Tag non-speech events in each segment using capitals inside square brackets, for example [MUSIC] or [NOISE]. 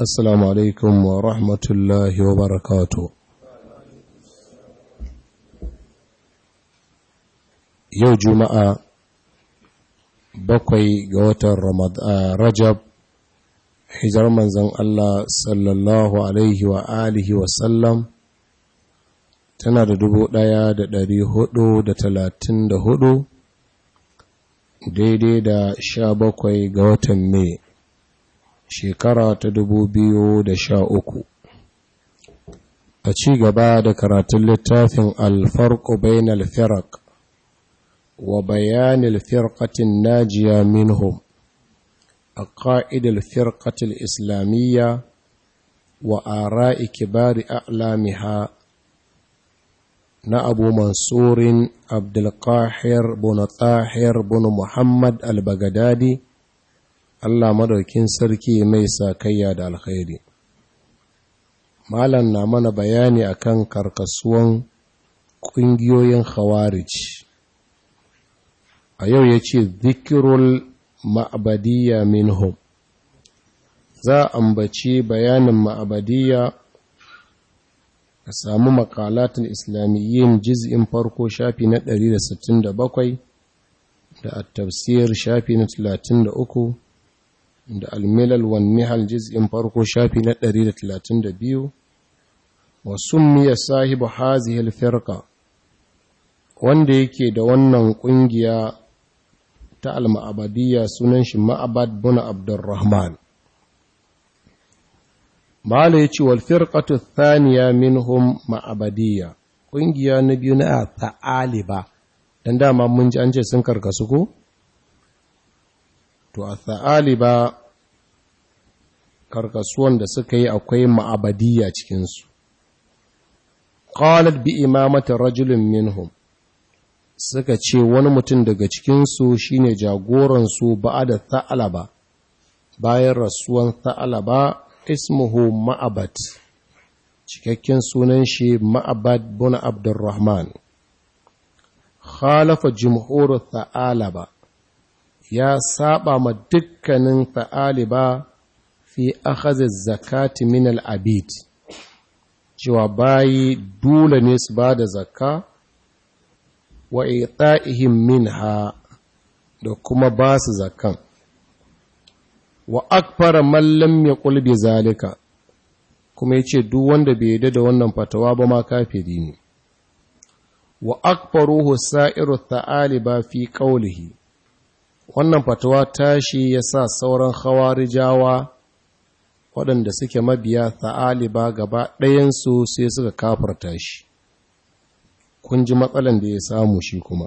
السلام عليكم ورحمة الله وبركاته يوم جمعة بقي قوات رجب hijar manzon Allah sallallahu Alaihi tana da dubu ɗaya da ɗari hudu da talatin da hudu daidai da sha bakwai ga watan mai shekara ta dubu biyu da sha uku. a ci gaba da karatun littafin alfarko bainal firak wa bayanin firkatin najiya minhum a ƙa'idar firkatin islamiyya wa ara'i kibari a'lamiha na abu mansurin abdulkahir bin tahir bin muhammad al-bagadadi Allah madaukin sarki mai sakayya da alkhairi malam na mana bayani akan karkasuwan ƙungiyoyin khawarij a yau ya ce zikirul ma'abadiyya minhum za a ambaci bayanin ma'abadiyya a samu makalatin islamiyyin jiz'in farko shafi na 167 da a tafsir shafi na 33 da al-milal wa nihal juz'in farko shafi na 132 wa summiya sahibu hazihi firƙa, wanda yake da wannan kungiya ta al-ma'abadiyya sunan shi ma'abad bin abdurrahman mala yace wal firqatu thaniya minhum ma'abadiyya kungiya na biyu na ta'aliba dan dama mun ji an ce sun karkasu ko to a tha'aliba karkasuwan da suka yi akwai ma'abadiyya cikinsu qalat bi imamata rajulun minhum suka ce wani mutum daga cikinsu shine jagoransu a da tha'alaba bayan rasuwan tha'alaba ismuhu ma'abat cikakken sunan shi ma'abad bin abdurrahman khalafa jumhur tha'alaba ya saba ma dukkanin ba fi akhaziz zakati min al-abid cewa bayi dole ne su ba da zakka wa ita'ihim minha da kuma ba su zakkan wa akfara mallam ya kulbi zalika kuma ya ce duk wanda bai yadda da wannan fatawa ba ma kafiri ne wa akfaruhu sa'iru ta'aliba fi qawlihi wannan fatawa tashi ya sa sauran jawa waɗanda suke mabiya ta'aliba gaba ɗayensu sai suka kafarta shi kun ji matsalan da ya samu shi kuma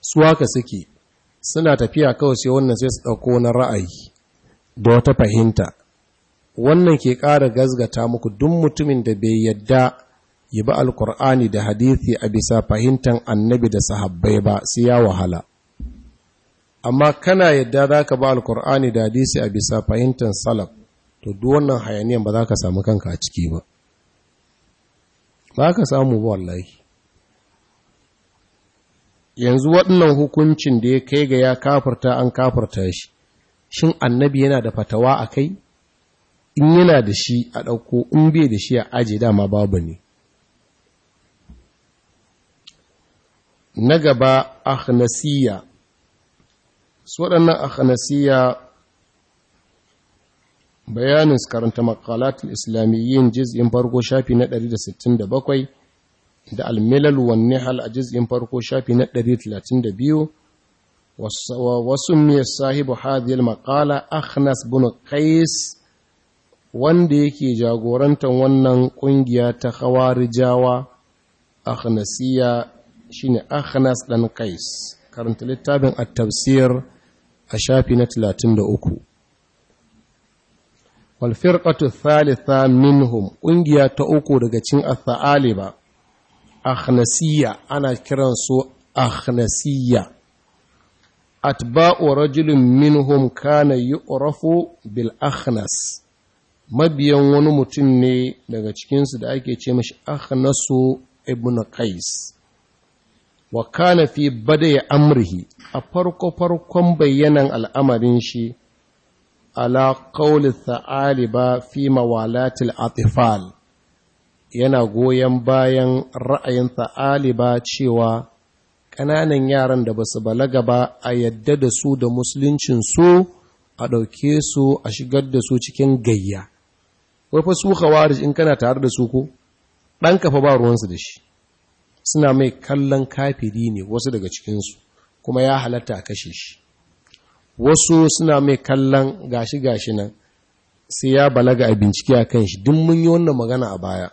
su haka suke suna tafiya kawai sai wannan sai su ɗauko na ra'ayi da wata fahimta wannan ke ƙara gazgata muku duk mutumin da bai yadda yi ba alkur'ani da hadithi a bisa fahimtar annabi da sahabbai ba sai ya wahala amma kana yadda za ka ba alkur'ani da hadisi a bisa fahimtar salaf to duk wannan hayaniyan ba za ka samu kanka a ciki ba ba ka samu ba wallahi yanzu waɗannan hukuncin da ya kai ga ya kafarta an kafarta shi shin annabi yana da fatawa a kai in yana da shi a ɗauko in bai da shi a aji dama babu ne na gaba ahnasiya su waɗannan a hanasiya bayanin karanta makalatul islamiyyin jiz'in farko shafi na 167 da almilal wanne hal a jiz'in farko shafi na 132 wasu miyar sahibu hadiyar makala ahnas bin qais wanda yake jagorantar wannan ƙungiya ta hawarijawa ahnasiya shine ahnas dan qais karanta littafin at-tafsir a shafi na talatin da uku. wal firqatu thalitha minhum ƙungiya ta uku daga cikin athaliba akhnasiyya ana kiran su akhnasiyya atba'u rajulin minhum kana yu'rafu bil akhnas mabiyan wani mutum ne daga cikinsu da ake ce mashi akhnasu ibn qais wa kana fi badaya amrihi a farko farkon bayyanan al'amarin shi ala qawli tha'aliba fi mawalatil atifal yana goyon bayan ra'ayin tha'aliba cewa ƙananan yaran da ba su balaga ba a yadda da su da musuluncin su a ɗauke su a shigar da su cikin gayya wai fa su khawarij in kana tare da su ko ɗan kafa ba ruwansu da shi suna mai kallon kafiri ne wasu daga cikinsu kuma ya halatta a kashe shi wasu suna mai kallon gashi-gashi nan sai ya balaga a bincike a kan shi duk mun yi wannan magana a baya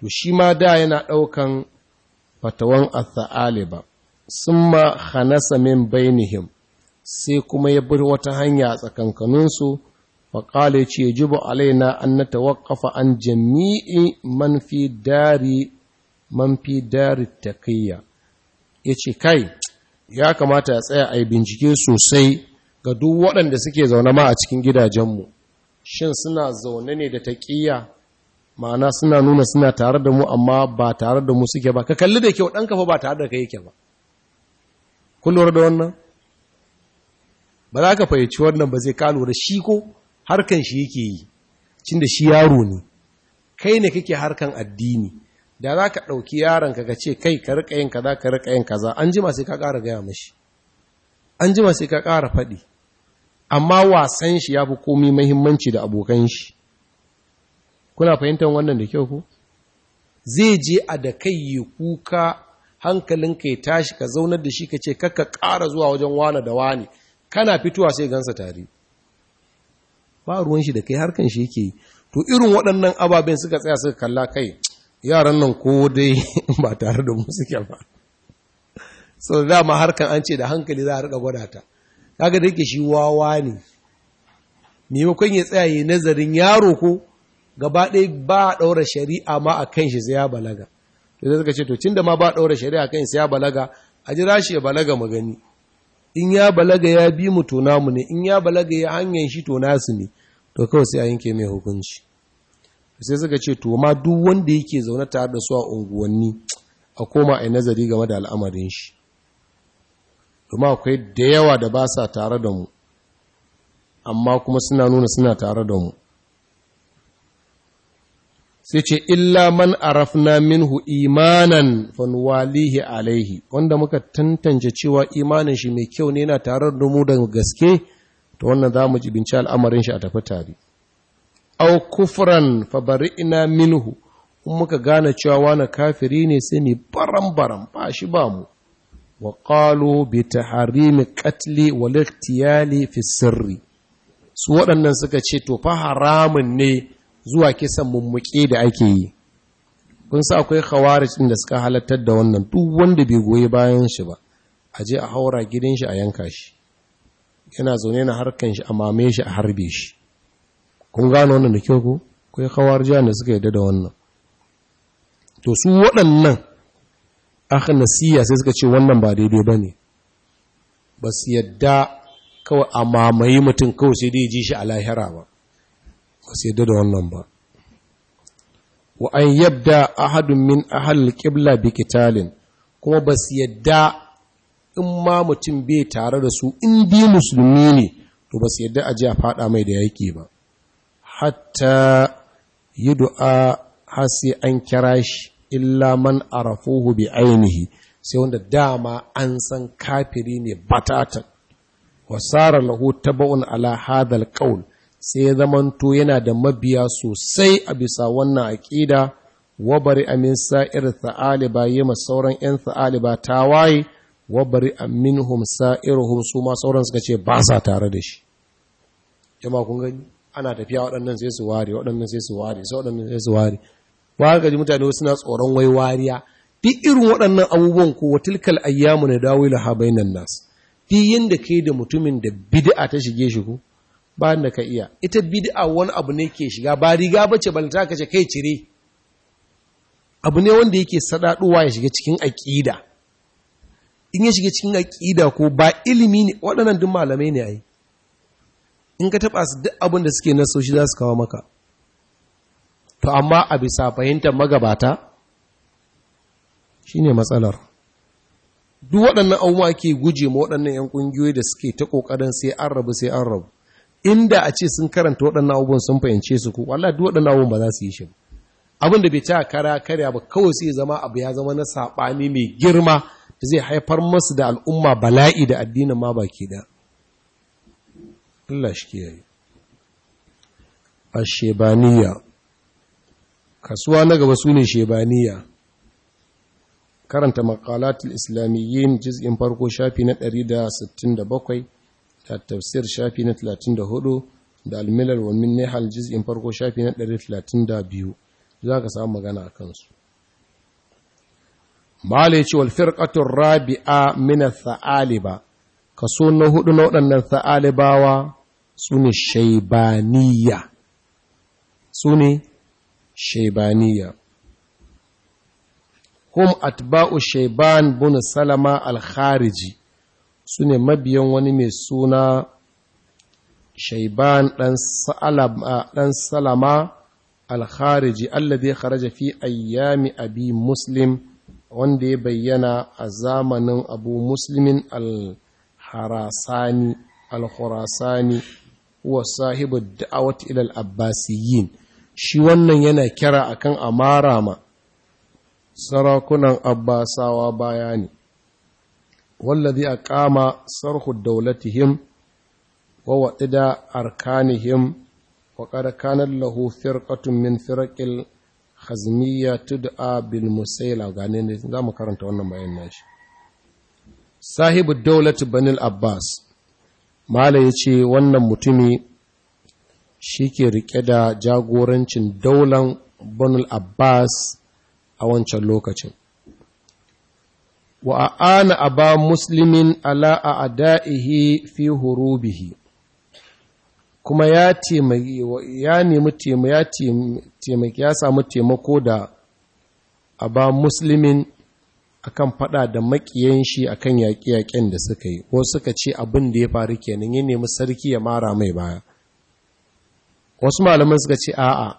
to shi ma da yana ɗaukan fatawan ba sun ma hanasa min bainihim sai kuma ya bi wata hanya a tsakankaninsu faƙale ce jibo alaina an na tawakafa an jami'i man fi dari man fi darit taqiyya yace kai ya kamata ya tsaya a bincike sosai ga duk waɗanda suke zaune ma a cikin gidajenmu shin suna zaune ne da taqiyya ma'ana suna nuna suna tare da mu amma ba tare da mu suke ba ka kalli da kyau ɗan kafa ba tare da kai yake ba kun da wannan ba za ka fahimci wannan ba zai ka lura shi ko harkan shi yake yi cin da shi yaro ne kai ne kake harkan addini da za ka ɗauki yaron ka ce kai ka riƙa yin kaza ka riƙa yin kaza an jima sai ka ƙara gaya mashi an jima sai ka ƙara faɗi amma wasan shi ya fi komi mahimmanci da abokan shi kuna fahimtar wannan da kyau ku zai je a da kai yi kuka hankalinka ya tashi ka zaunar da shi ka ce kakka ƙara zuwa wajen wane da wane kana fitowa sai gansa tare ba ruwan shi da kai harkan shi yake yi to irin waɗannan ababen suka tsaya suka kalla kai yaran nan ko dai [LAUGHS] ba tare da mu suke ba so da ma harkan an ce da hankali za a rika gwada ta kaga da yake shi wawa ne maimakon ya tsaya yi nazarin yaro ko gaba ɗaya ba a ɗaura shari'a ma a kan shi sai ya balaga to zai suka ce to tunda ma ba a ɗaura shari'a kan sai ya balaga a jira shi ya balaga magani in ya balaga ya bi mu to namu ne in ya balaga ya hanyar shi to nasu ne to kawai sai a yanke mai hukunci sai suka ce to ma duk wanda yake zaune tare da su a unguwanni a koma a nazari game da al'amarin shi domin akwai da yawa da ba sa tare da mu amma kuma suna nuna suna tare da mu sai ce illa man arafna minhu imanan fanwalihi alaihi wanda muka tantance cewa imanin shi mai kyau ne yana tare da mu da gaske to wannan za mu jibinci al'amarin shi a tafi tare au kufran fabarina ina minhu in muka gane cewa wani kafiri ne sai mu baram baram ba shi ba mu wa qalu bi taharimi qatli wal iqtiyali fi sirri su waɗannan suka ce to fa haramun ne zuwa kisan mummuke da ake yi kun sa akwai khawarij din da suka halartar da wannan duk wanda bai goyi bayan shi ba a je a haura gidan shi a yanka shi yana zaune na harkan shi a mame shi a harbe shi kun gano wannan da kyau ko kai kawar jiya ne suka yadda da wannan to su waɗannan nasiya sai suka ce wannan ba daidai ba ne. ba su yadda kawai a mamaye mutum kawai sai dai ji shi a lahira ba ba su yadda da wannan ba wa an yabda ahadun min ahal qibla bi bikitalin, kuma ba su yadda in ma mutum bai tare da su in bi musulmi ne to ba su yadda a ji a fada mai da yaki ba hatta yi du'a har an kira shi illa man arafuhu bi ainihi sai wanda dama an san kafiri ne batatan wasara lahu tabaun ala hadal qaul sai ya zamanto yana da mabiya sosai a bisa wannan aƙida bari amin sa'ir ba yi ma sauran 'yan bari tawaye wabari aminhum sa'iruhum su ma sauran suka ce ba sa tare da shi jama kun gani ana tafiya waɗannan sai su ware waɗannan sai su ware sai waɗannan sai su ware ba ga ji mutane suna tsoron wai wariya duk irin waɗannan abubuwan ko watilkal ayyamu na dawilu ha bainan nas duk yanda kai da mutumin da bid'a ta shige shi ko ba da ka iya ita bid'a wani abu ne ke shiga ba riga bace balanta ka ce kai cire abu ne wanda yake sadaduwa ya shiga cikin aƙida in ya shiga cikin aƙida ko ba ilimi ne waɗannan duk malamai ne ai in ka taba su duk abin da suke na soshi za su kawo maka to amma a bisa fahimtar magabata shi matsalar duk waɗannan auma ke guje ma waɗannan 'yan ƙungiyoyi da suke ta ƙoƙarin sai an rabu sai an rabu inda a ce sun karanta waɗannan abubuwan sun fahimce su ko wallah duk waɗannan abubuwan ba za su yi shi abin da bai ta kara karya ba kawai sai zama abu ya zama na saɓani mai girma da zai haifar masu da al'umma bala'i da addinin ma baki ɗaya Allah shi kiyaye ashebaniya kasuwa na gaba su ne shebaniya karanta makalatul islamiyyin jiz'in farko shafi na 167 da tafsir shafi na 34 da almilar milal wa min jiz'in farko shafi na 132 ka samu magana a kansu. mala ce, wal firqatur rabi'a mina ath-tha'aliba kaso na hudu na waɗannan sa'alibawa su ne shaibaniya su ne shaibaniya hum atba'u shaiban bin salama al-khariji su ne mabiyan wani mai suna shaiban ɗan salama al-khariji alladhi kharaja fi ayyami abi muslim wanda ya bayyana a zamanin abu muslimin al harasani al-khurasani wa sahibu da'awat ila al-abbasiyyin shi wannan yana kira akan amara ma sarakunan abbasawa bayani wallazi aqama sarhu dawlatihim wa wa'ida arkanihim wa qad kana lahu firqatun min firqil khazmiyya tud'a bil ne, za zamu karanta wannan bayanin nashi sahibu daulatu banil abbas mala ya ce wannan mutumi shi ke rike da jagorancin daulan banil abbas a wancan lokacin wa ana aba muslimin ala a ada'ihi fi hurubihi kuma ya nemi taimaki ya samu taimako da aba muslimin akan fada da makiyan shi akan yaƙi-yaƙen da suka yi ko suka ce abin da ya faru kenan ya nemi sarki ya mara mai baya wasu malaman suka ce a'a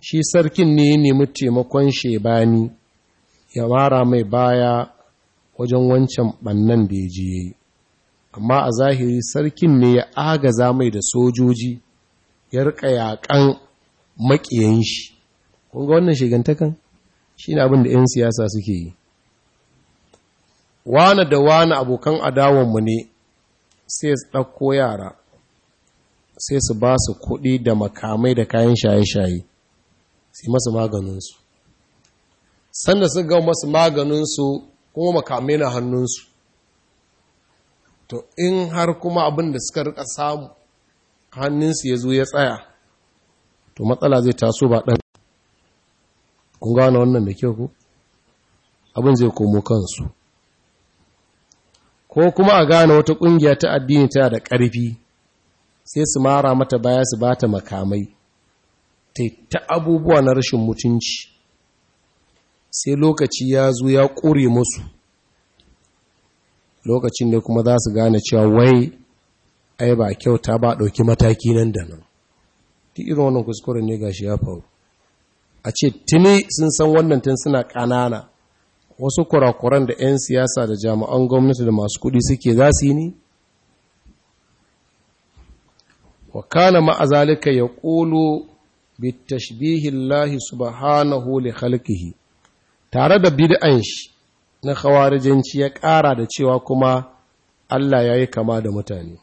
shi sarkin ne ya nemi taimakon shebani ya mara mai baya wajen wancan bannan da ya je yi amma a zahiri sarkin ne ya agaza mai da sojoji ya rika yaƙan makiyan shi kun ga wannan shigantakan shi ne abin da 'yan siyasa suke yi wane da wane abokan adawanmu ne sai su ɗauko yara sai su ba su kuɗi da makamai da kayan shaye-shaye su masu maganinsu sanda su ga masu maganinsu kuma makamai na hannunsu to in har kuma abin da suka rika samu hannunsu ya zo ya tsaya to matsala zai taso ba ɗan kun gane wannan da kyau ku abin zai komo kansu ko kuma a gane wata ƙungiya ta addini ta da ƙarfi sai su mara mata baya su bata makamai ta abubuwa na rashin mutunci sai lokaci ya zo ya ƙure musu lokacin da kuma za su gane cewa wai ai ba kyauta ba ɗauki mataki nan da nan duk irin wannan kuskuren ne gashi ya faru a ce tuni sun san wannan tun suna ƙanana wasu kurakuran da 'yan siyasa da jami'an gwamnati da masu kudi suke za su yi ni? wa kana ma'azalika ya ƙolo bitashbihillahi subhanahu li khalqihi tare da bid'an shi na khawarijanci ya ƙara da cewa kuma Allah ya yi kama da mutane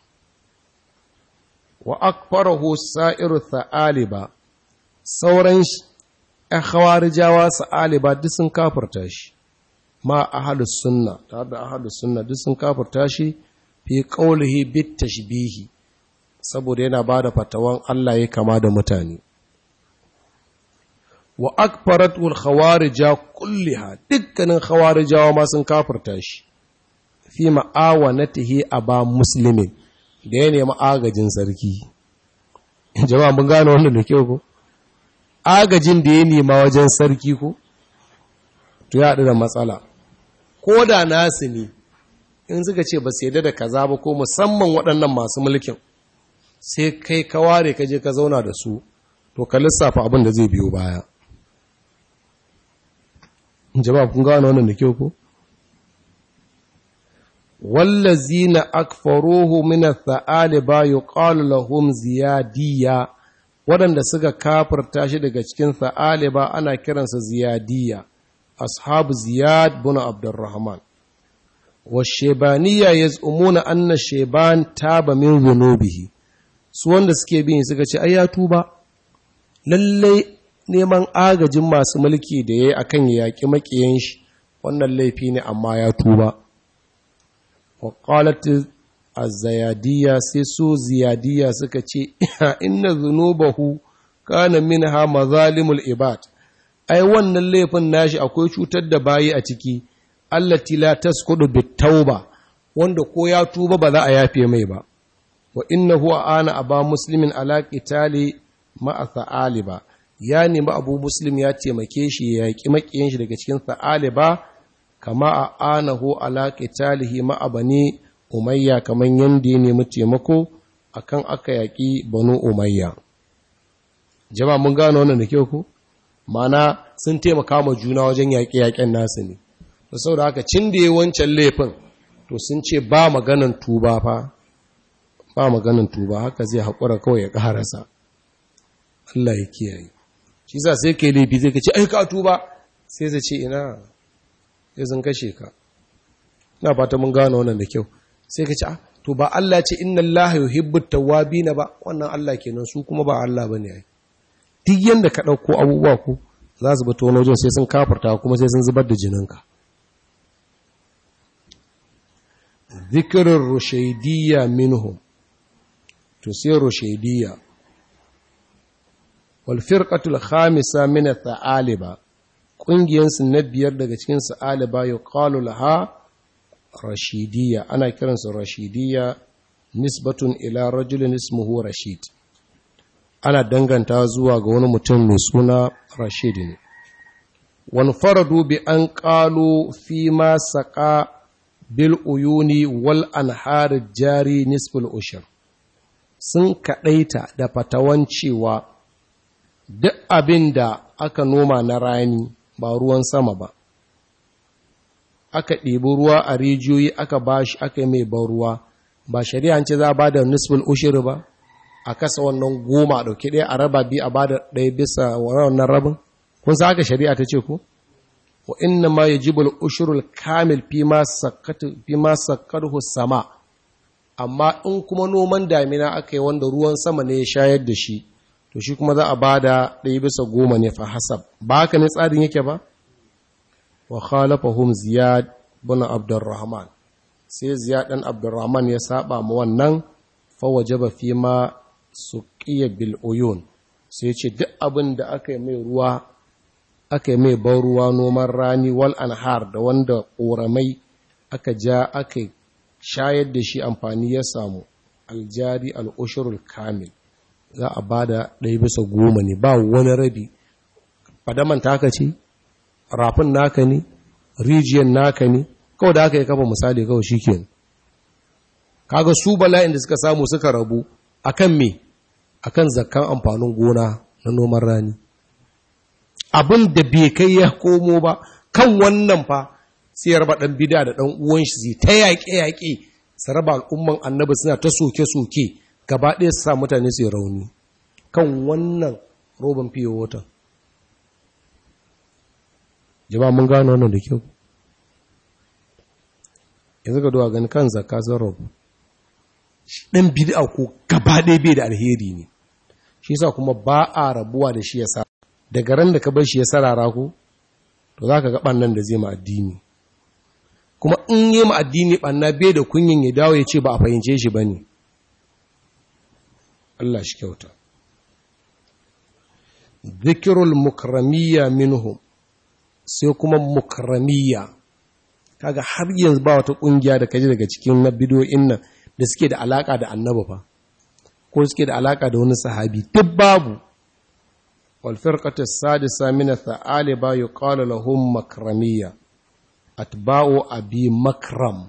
wa akfarahu sa'iru sa'aliba sauran shi ya khawarijawa sa'aliba duk sun kafarta shi ma ahadus sunna tare da ahadus sunna duk sun kafirta shi fi qaulihi bit tashbihi saboda yana bada fatawan Allah ya kama da mutane wa akbaratul khawarija kulliha dukkanin khawarijawa ma sun kafirta shi fi ma'awanatihi aba muslimin da ya nemi agajin sarki jama'a mun gane wannan da kyau ko agajin da ya nema wajen sarki ko to ya haɗu da matsala ko da nasu ne in suka ce ba su da kaza ba ko musamman waɗannan masu mulkin sai kai ka ware ka je ka zauna da su to ka lissafa abin da zai biyo baya jama'a kun gano wannan da kyau ko wallazina akfaruhu min ath ba yuqalu lahum ziyadiyya waɗanda suka kafirta shi daga cikin saaliba ana kiransa ziyadiyya ashabu ziyad bin abdurrahman wa shebaniya ya tsumuna anna sheban taba min zunubihi su wanda suke bin suka ce ai ya tuba lallai neman agajin masu mulki da yayi akan yaki makiyan shi wannan laifi ne amma ya tuba wa qalat az sai su ziyadiyya suka ce inna zunubahu kana minha mazalimul ibad ai wannan laifin nashi akwai cutar da bayi a ciki allah la tasqudu bitauba wanda ko ya tuba ba za a yafe mai ba wa innahu ana aba muslimin ala qitali ma'a ba? ya ma abu muslim ya taimake shi ya yaƙi maƙiyin shi daga cikin ba? kama a anahu ala qitalihi ma'a abani umayya kaman yanda ya nemi taimako akan aka yaƙi banu umayya jama'a mun gano wannan da kyau ko mana sun taimaka ma juna wajen yaƙe-yaƙen nasu ne da da haka cin da yi wancan laifin to sun ce ba maganan tuba fa ba maganin tuba haka zai haƙura kawai ya ƙararsa Allah ya kiyaye shi za sai kai laifi zai ka ce ai ka tuba sai zai ce ina ya zan kashe ka ina fata mun gano wannan da kyau sai ka ce ah, to ba Allah ce inna Allah yuhibbu tawwabin ba wannan Allah kenan su kuma ba Allah bane ai duk yanda ka ɗauko abubuwa ku za su bato wani wajen sai sun kafarta kuma sai sun zubar da jininka zikirin rushaidiyya minhum to sai rushaidiyya walfirƙatul khamisa mina ta'aliba ƙungiyarsu na biyar daga cikin sa'aliba ya ƙalu ha rashidiyya ana kiransu rashidiyya nisbatun ila rajulin ismuhu rashid ana danganta zuwa ga wani mutum mai suna rashid ne wani faradu bi an kalo fi ma saƙa bil uyuni wal anhar jari nisful ushir sun kaɗaita da fatawan cewa duk abin da aka noma na rani ba ruwan sama ba aka ɗibi ruwa a rijiyoyi aka bashi aka yi mai ban ruwa ba shari'a ce za ba da nisful ushir ba a kasa wannan goma a ɗaya a raba biyu a ba da ɗaya bisa wannan rabin kun sa aka shari'a ta ce ku wa inna ma yajibul ushurul kamil fi ma sakkatu sama amma in kuma noman damina aka yi wanda ruwan sama ne ya shayar da shi to shi kuma za a ba da ɗaya bisa goma ne fa hasab ba haka ne tsarin yake ba wa hum ziyad bin abdurrahman sai ziyad ɗan abdurrahman ya saba ma wannan fa wajaba fi ma suƙiya bil bil'oyon, sai ce duk abin da aka yi mai ruwa aka mai ban ruwa noman rani wal anhar da wanda ƙoramai aka ja aka shayar da shi amfani ya samu aljari al'ushirul kamil za a ba da ɗaya bisa goma ne ba wani rabi fadaman taka ce rafin naka ne rijiyar naka ne kawai da aka yi kafa misali kawai shi kaga su bala'in da suka samu suka rabu akan me akan zakkan amfanin gona na noman rani abin da bai kai ya komo ba kan wannan fa sai ya raba ɗan bida da ɗan uwan shi zai ta yaƙe-yaƙe su raba al'umman annabi suna ta soke-soke gaba ɗaya su sa mutane su yi rauni kan wannan roban fiye watan jama'a mun gano wannan da kyau yanzu ka duwa gani kan zakka sun rabu ɗan bid'a ko gaba ɗaya bai da alheri ne shi yasa kuma ba a rabuwa da shi ya sa daga ran da ka bar shi ya sarara ko to za ka ga ɓannan da zai ma addini kuma in yi ma addini ɓanna bai da kunyin ya dawo ya ce ba a fahimce shi ba ne Allah shi kyauta zikirul mukramiya minhum sai kuma mukramiya kaga har yanzu ba wata ƙungiya da kaji daga cikin na bidiyo nan da suke da alaka da annaba fa, ko suke da alaka da wani sahabi duk babu wal firqatu sadisa min ath yuqalu lahum makramiyya atba'u abi makram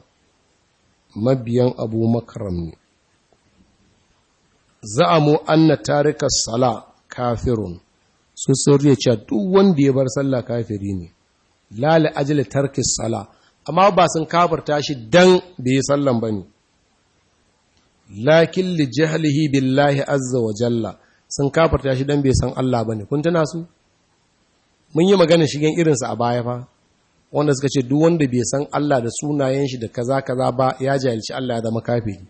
mabiyan abu makram ne za'amu anna tarika sala kafirun su ya cewa duk wanda ya bar sallah kafiri ne Lali ajali tarki sala amma ba sun kafarta shi dan bai yi sallan ne. lakin li jahlihi billahi azza wa jalla sun kafarta shi dan bai san Allah bane kun tana su mun yi magana shigen irinsa a baya fa wanda suka ce duk wanda bai san Allah da sunayen shi da kaza kaza ba ya jahilci Allah ya zama kafiri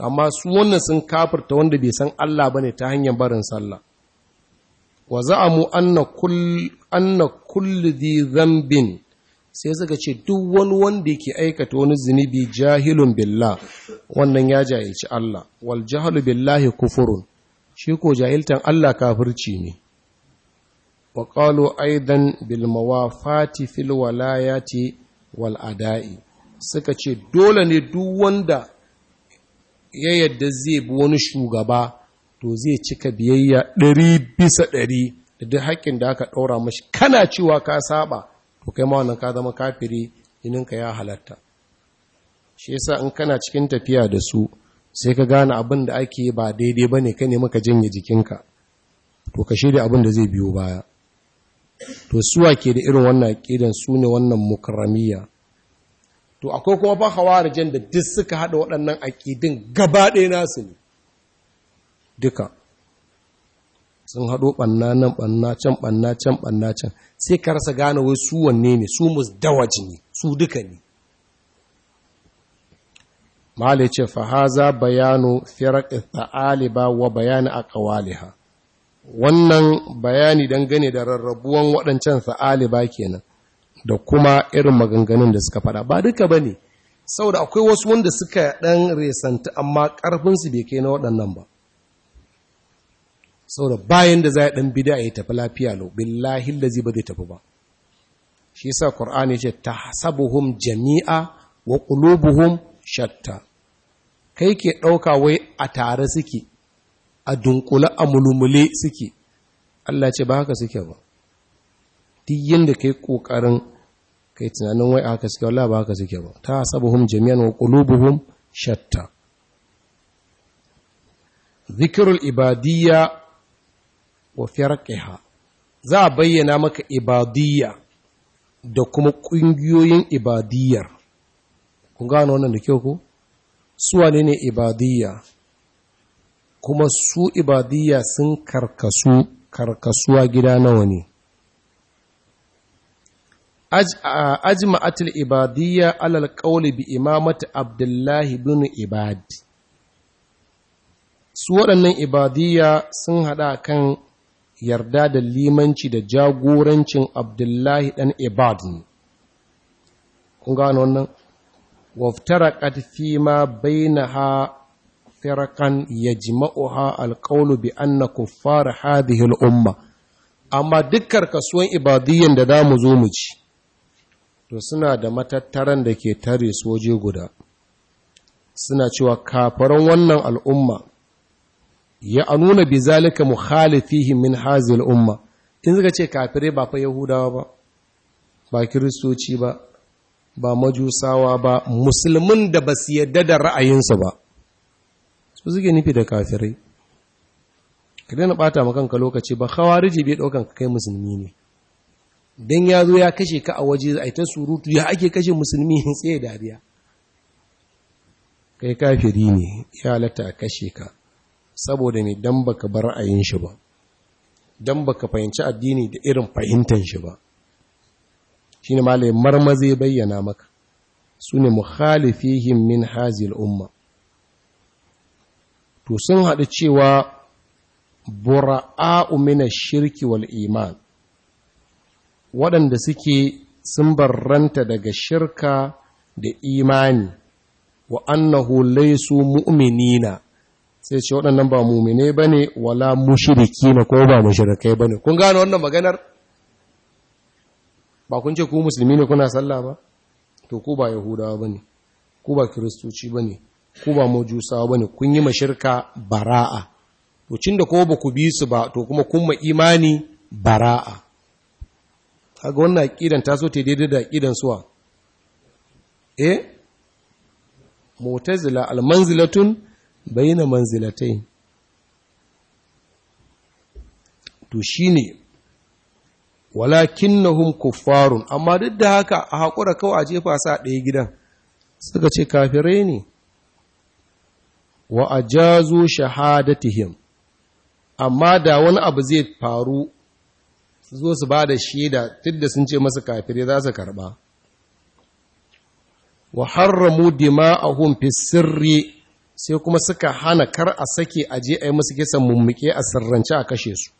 amma su wannan sun kafarta wanda bai san Allah bane ta hanyar barin sallah wa za'amu anna kull anna dhi dhanbin sai suka ce duk wani wanda yake aikata wani zunubi jahilun billah wannan ya jahilci Allah wal jahilu billahi kufurun shi ko jahiltan Allah kafirci ne wa qalu aidan bil mawafati fil walayati wal ada'i suka ce dole ne duk wanda ya yadda zai bi wani shugaba to zai cika biyayya ɗari bisa ɗari da duk haƙƙin da aka ɗora mashi kana cewa ka saba ko kai ma wannan ka zama kafiri jininka ya halatta shi yasa in kana cikin tafiya da su sai ka gane abin da ake ba daidai bane ka ne maka janye jikinka to ka shirya abin da zai biyo baya to suwa ke da irin wannan aqidan su ne wannan mukarramiya to akwai kuma fa hawarijin da duk suka hada waɗannan aqidin gaba ɗaya nasu ne duka sun haɗo ɓanna nan ɓanna can ɓanna can ɓanna can sai ka rasa gane wai su wanne ne su dawaji ne su duka ne malai ce fahaza bayanu firar ta'aliba wa bayani a ƙawaliha wannan bayani dangane da rarrabuwan waɗancan ke kenan da kuma irin maganganun da suka faɗa. ba duka ba ne saboda akwai wasu wanda suka ɗan resanta amma ƙarfinsu bai kai na waɗannan ba saboda bayan da za a ɗan bida ya tafi lafiya lau billahi lazi ba zai tafi ba shi sa ƙur'ani ce ta sabuhun jami'a wa ƙulubuhun shatta kai ke ɗauka wai a tare suke a dunkule a mulmule suke Allah ce ba haka suke ba duk yadda kai ƙoƙarin kai tunanin wai haka suke wala ba haka suke ba ta sabuhun jami'an wa ƙulubuhun shatta zikirul ibadiyya wa firqiha za a bayyana maka ibadiyya da kuma ƙungiyoyin ibadiyyar Ku gano wannan da kyau ko Su wane ne ibadiyya kuma su ibadiyya sun karkasu karkasuwa gida nawa ne alal الإبادية bi القول Abdullahi عبد ibadi, su waɗannan ibadiyya sun haɗa kan. yarda da limanci da jagorancin abdullahi ɗan ibad ne kun gano wannan waftarakat fi ma ya firakan yajma'uha alqawlu bi anna kuffar hadihil umma amma dukkan kasuwan ibadiyyan da za mu zo mu ci to suna da matattaran da ke tare su guda suna cewa kafaran wannan al'umma ya anuna bi zalika mukhalifihim min hazil umma in suka ce kafire ba fa yahudawa ba ba kiristoci ba ba majusawa ba musulmin da ba su yadda da ra'ayinsu ba su suke nufi da kafirai ka daina bata ma kanka lokaci ba khawariji bai daukan ka kai musulmi ne dan ya zo ya kashe ka a waje a ta surutu ya ake kashe musulmi tsaye [LAUGHS] dariya kai kafiri ne ya halatta a kashe ka saboda mai dan baka bar ra'ayin shi ba dan baka fahimci addini da irin fahimtar shi ba shine malai marmaze bayyana maka sune mukhalifihim min hazil umma to sun haɗu cewa bura'a'u mina shirki wal iman waɗanda suke sun barranta daga shirka da imani wa annahu laysu mu'minina sai ce waɗannan ba mumine ba ne wala mushiriki na ko ba mushirikai ba ne kun gano wannan maganar ba kun ce ku musulmi ne kuna sallah ba to ku ba yahudawa ba ne ku ba kiristoci ba ne ku ba Mojusawa ba ne kun yi mashirka bara'a to cin da ko ba ku bi su ba to kuma kun ma imani bara'a Haga wannan ƙidan ta so daidai da ƙidan suwa eh zila almanzilatun bayyana manzilatai to shine walakinnahum kuffarun amma duk da haka a hakura kawai a jefa sa ɗaya gidan suka ce kafirai ne wa ajazu shahadatihim amma da wani abu zai faru su zo su ba da shaida duk da sun ce masa kafirai za su karba wa harramu a hunfi sirri sai kuma suka hana kar a sake a je a yi musu kisan mummuke a sirrance a kashe su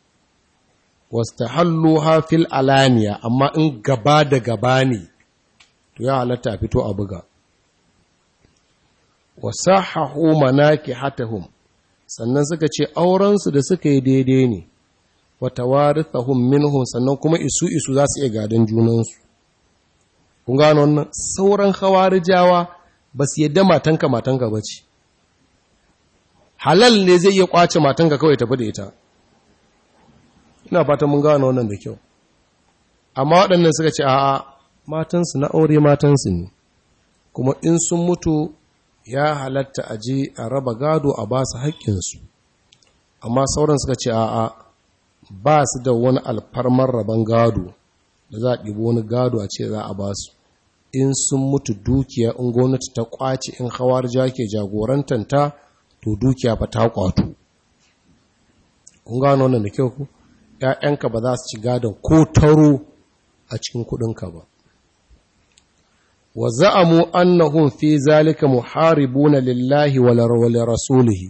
wasta hallo hafil alaniya amma in gaba da gaba ne to ya halatta a fito a buga wasa hahu manaki hatahum sannan suka ce aurensu da suka yi daidai ne wata hun minhum sannan kuma isu isu za su iya gadon junansu kun gano wannan sauran hawarijawa ba su yadda matanka matanka ba ce halal ne zai iya kwace matanka kawai tafi da ita ina fatan mun gano wannan da kyau amma waɗannan suka ce a'a matansu na aure matansu ne kuma in sun mutu ya halatta a je a raba gado a ba su haƙƙinsu amma sauran suka ce a'a ba su da wani alfarmar raban gado da za a ɗibo wani gado a ce za a ba su in sun mutu dukiya in gwamnati ta kwace in hawar jake ke jagorantanta to dukiya ba ta kwato kun gano wannan da kyau ku ƴaƴanka ba za su ci gadon ko taro a cikin kuɗinka ba wa za'amu annahum fi zalika muharibuna lillahi wa rasulihi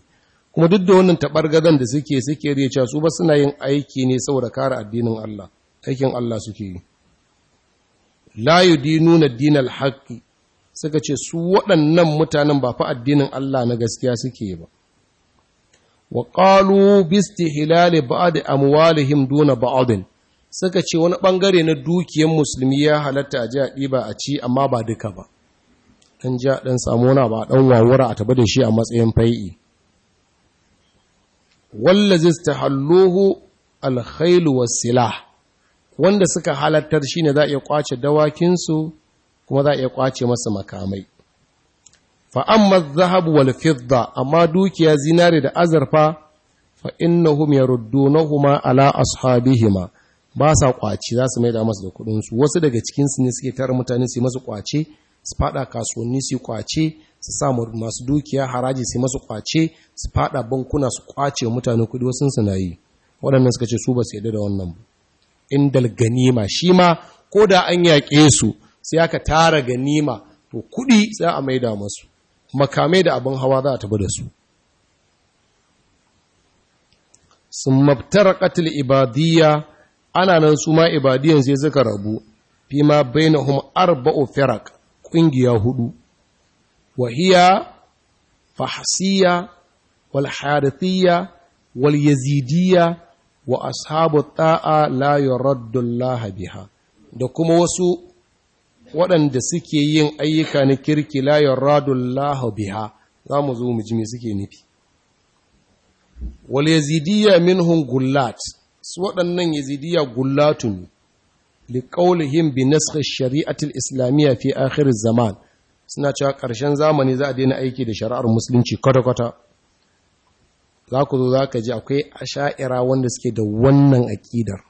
kuma duk da wannan gadon da suke suke riya su ba suna yin aiki ne saboda kare addinin Allah aikin Allah suke yi la yudinuna dinal haqqi suka ce su waɗannan mutanen ba fa addinin Allah na gaskiya suke ba wa qalu ba ba'd amwalihim duna ba'd suka ce wani bangare na dukiyar musulmi ya halatta a ji a a ci amma ba duka ba An ji dan samu ba dan wawura a taɓa da shi a matsayin fai'i wallazi istahalluhu alkhailu was silah wanda suka halattar shine za a iya kwace dawakinsu? kuma za a iya kwace masa makamai fa zahabu wal fidda amma dukiya zinare da azurfa fa innahum yaruddunahuma ala ashabihima ba sa kwace za su maida masu da kudinsu wasu daga cikinsu ne suke tara mutane su masu kwace su fada kasuwanni su kwace su sa masu dukiya haraji su masu kwace su fada bankuna su kwace mutane kudi wasu su na yi waɗannan suka ce su ba su yarda da wannan ba indal ganima shi ma ko da an yaƙe su sai aka tara ganima to kuɗi sai a maida masu makamai da abin hawa za a tabi da su sun mabtar katil ibadiyya ana nan su ma ibadiyan sai suka rabu fi ma hum arba'u firaq ƙungiya hudu wahiya fahsiya wal Walyazidiya, wal wa ashabu ta'a la yuraddu Allah biha da kuma wasu waɗanda suke yin ayyuka na kirki la Laha biha za mu zo mu ji me suke nufi wal yazidiya minhun gullat su waɗannan yazidiya gullatun li qawlihim bi nasakh shari'atul islamiyya fi akhir zaman suna cewa ƙarshen zamani za a daina aiki da shari'ar musulunci kwata-kwata za ku zo za ka ji akwai asha'ira wanda suke da wannan aƙidar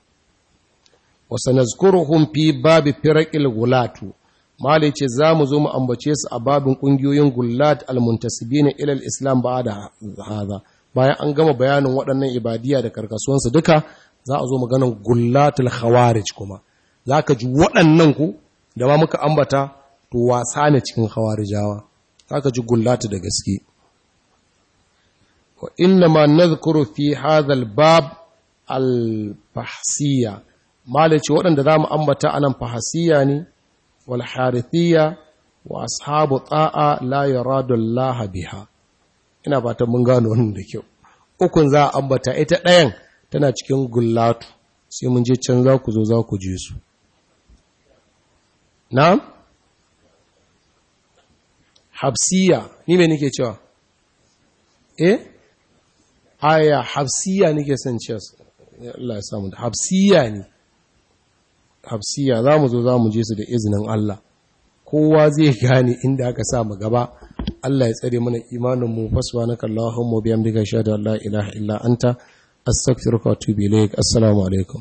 wasu nazkuruhun fi babi firaƙil gulatu malai ce za mu zo mu ambace su a babin ƙungiyoyin gulat almuntasibi na ilal islam ba da haza bayan an gama bayanin waɗannan ibadiya da karkasuwansu duka za a zo maganin gulatul khawarij kuma za ka ji waɗannan ku da ma muka ambata to wasa ne cikin khawarijawa za ka ji gulatu da gaske wa inna ma nadhkuru fi hadha bab al-bahsiyya malaci waɗanda za mu ambata anan fahasiya ne walharithiya wa ashabu ta'a la yaradullaha biha ina ba ta mun gano wannan da kyau ukun za a ambata ita ɗayan tana cikin gullatu sai mun je can za ku zo za ku je su na hafsiya ni me nake cewa eh aya hafsiya nake son cewa Allah ya samu hafsiya ne hafsiya za mu zo za mu je su da izinin Allah kowa zai gane inda aka sa mu gaba Allah ya tsare mana imanin mu fasbanaka Allahumma biyamdika shada la ilaha illa anta astaghfiruka wa atubu ilaik assalamu alaikum